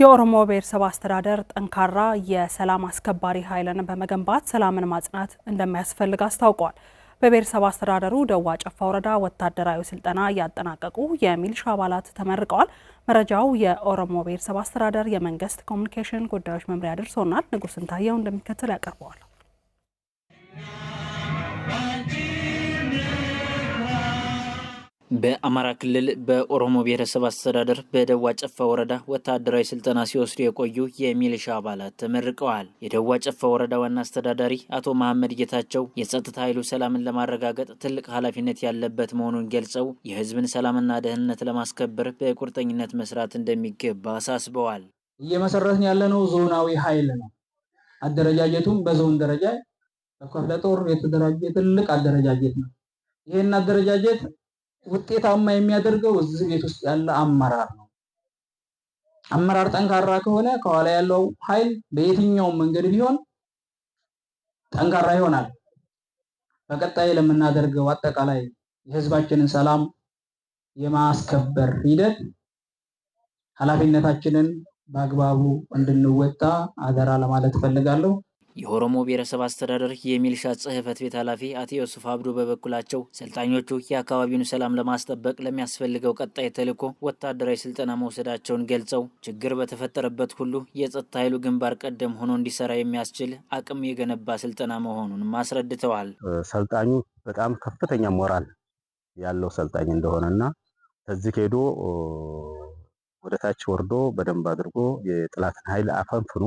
የኦሮሞ ብሔረሰብ አስተዳደር ጠንካራ የሰላም አስከባሪ ኃይልን በመገንባት ሰላምን ማጽናት እንደሚያስፈልግ አስታውቋል። በብሔረሰብ አስተዳደሩ ደዋ ጨፋ ወረዳ ወታደራዊ ስልጠና እያጠናቀቁ የሚሊሻ አባላት ተመርቀዋል። መረጃው የኦሮሞ ብሔረሰብ አስተዳደር የመንግስት ኮሚኒኬሽን ጉዳዮች መምሪያ ደርሶናል። ንጉስ እንታየው እንደሚከተል ያቀርበዋል። በአማራ ክልል በኦሮሞ ብሔረሰብ አስተዳደር በደዋ ጨፋ ወረዳ ወታደራዊ ስልጠና ሲወስዱ የቆዩ የሚሊሻ አባላት ተመርቀዋል። የደዋ ጨፋ ወረዳ ዋና አስተዳዳሪ አቶ መሐመድ ጌታቸው የጸጥታ ኃይሉ ሰላምን ለማረጋገጥ ትልቅ ኃላፊነት ያለበት መሆኑን ገልጸው የህዝብን ሰላምና ደህንነት ለማስከበር በቁርጠኝነት መስራት እንደሚገባ አሳስበዋል። እየመሰረትን ያለነው ዞናዊ ኃይል ነው። አደረጃጀቱም በዞን ደረጃ በክፍለ ጦር የተደራጀ ትልቅ አደረጃጀት ነው። ይህን አደረጃጀት ውጤታማ የሚያደርገው እዚህ ቤት ውስጥ ያለ አመራር ነው። አመራር ጠንካራ ከሆነ ከኋላ ያለው ኃይል በየትኛውም መንገድ ቢሆን ጠንካራ ይሆናል። በቀጣይ ለምናደርገው አጠቃላይ የህዝባችንን ሰላም የማስከበር ሂደት ኃላፊነታችንን በአግባቡ እንድንወጣ አደራ ለማለት እፈልጋለሁ። የኦሮሞ ብሔረሰብ አስተዳደር የሚልሻ ጽህፈት ቤት ኃላፊ አቶ ዮሱፍ አብዶ በበኩላቸው ሰልጣኞቹ የአካባቢውን ሰላም ለማስጠበቅ ለሚያስፈልገው ቀጣይ ተልዕኮ ወታደራዊ ስልጠና መውሰዳቸውን ገልጸው ችግር በተፈጠረበት ሁሉ የጸጥታ ኃይሉ ግንባር ቀደም ሆኖ እንዲሰራ የሚያስችል አቅም የገነባ ስልጠና መሆኑንም አስረድተዋል። ሰልጣኙ በጣም ከፍተኛ ሞራል ያለው ሰልጣኝ እንደሆነና ከዚህ ሄዶ ወደታች ወርዶ በደንብ አድርጎ የጥላትን ኃይል አፈንፍኖ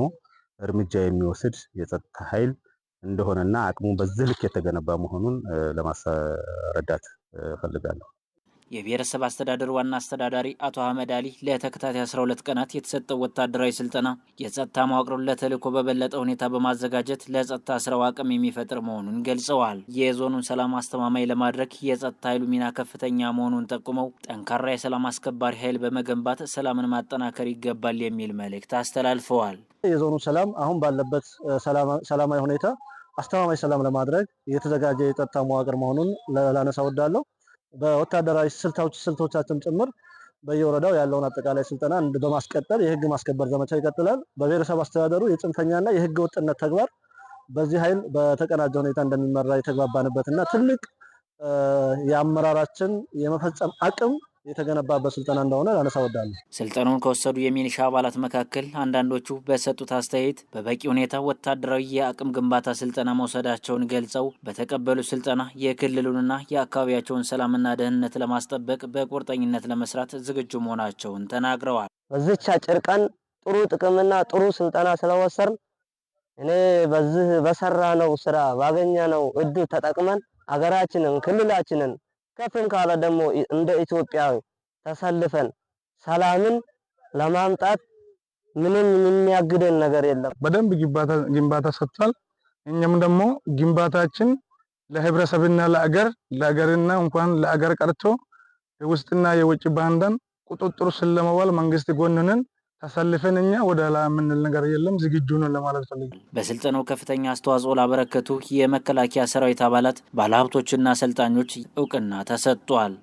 እርምጃ የሚወስድ የጸጥታ ኃይል እንደሆነና አቅሙ በዚህ ልክ የተገነባ መሆኑን ለማስረዳት እፈልጋለሁ። የብሔረሰብ አስተዳደር ዋና አስተዳዳሪ አቶ አህመድ አሊ ለተከታታይ 12 ቀናት የተሰጠው ወታደራዊ ስልጠና የጸጥታ መዋቅሩን ለተልዕኮ በበለጠ ሁኔታ በማዘጋጀት ለጸጥታ ስራው አቅም የሚፈጥር መሆኑን ገልጸዋል። የዞኑን ሰላም አስተማማኝ ለማድረግ የጸጥታ ኃይሉ ሚና ከፍተኛ መሆኑን ጠቁመው ጠንካራ የሰላም አስከባሪ ኃይል በመገንባት ሰላምን ማጠናከር ይገባል የሚል መልእክት አስተላልፈዋል። የዞኑ ሰላም አሁን ባለበት ሰላማዊ ሁኔታ አስተማማኝ ሰላም ለማድረግ የተዘጋጀ የጸጥታ መዋቅር መሆኑን ላነሳ ወዳለሁ። በወታደራዊ ስልቶቻችን ጭምር በየወረዳው ያለውን አጠቃላይ ስልጠና በማስቀጠል የህግ ማስከበር ዘመቻ ይቀጥላል። በብሔረሰብ አስተዳደሩ የጽንፈኛና የህገ ወጥነት ተግባር በዚህ ኃይል በተቀናጀ ሁኔታ እንደሚመራ የተግባባንበትና ትልቅ የአመራራችን የመፈጸም አቅም የተገነባበት ስልጠና እንደሆነ ላነሳ እወዳለሁ። ስልጠኑን ከወሰዱ የሚኒሻ አባላት መካከል አንዳንዶቹ በሰጡት አስተያየት በበቂ ሁኔታ ወታደራዊ የአቅም ግንባታ ስልጠና መውሰዳቸውን ገልጸው በተቀበሉ ስልጠና የክልሉንና የአካባቢያቸውን ሰላምና ደህንነት ለማስጠበቅ በቁርጠኝነት ለመስራት ዝግጁ መሆናቸውን ተናግረዋል። በዚች አጭር ቀን ጥሩ ጥቅምና ጥሩ ስልጠና ስለወሰርን እኔ በዚህ በሰራ ነው ስራ ባገኘ ነው እድል ተጠቅመን አገራችንን ክልላችንን ከፍም ካለ ደግሞ እንደ ኢትዮጵያዊ ተሰልፈን ሰላምን ለማምጣት ምንም የሚያግደን ነገር የለም። በደንብ ግንባታ ሰጥቷል። እኛም ደግሞ ግንባታችን ለህብረተሰብና ለአገር ለአገርና እንኳን ለአገር ቀርቶ የውስጥና የውጭ ባንዳን ቁጥጥር ስለመዋል ለመዋል መንግስት ጎንንን አሳልፈን እኛ ወደ ላ የምንል ነገር የለም። ዝግጁ ነው ለማለት ፈልግ በስልጠናው ከፍተኛ አስተዋጽኦ ላበረከቱ የመከላከያ ሰራዊት አባላት ባለሀብቶችና አሰልጣኞች እውቅና ተሰጥቷል።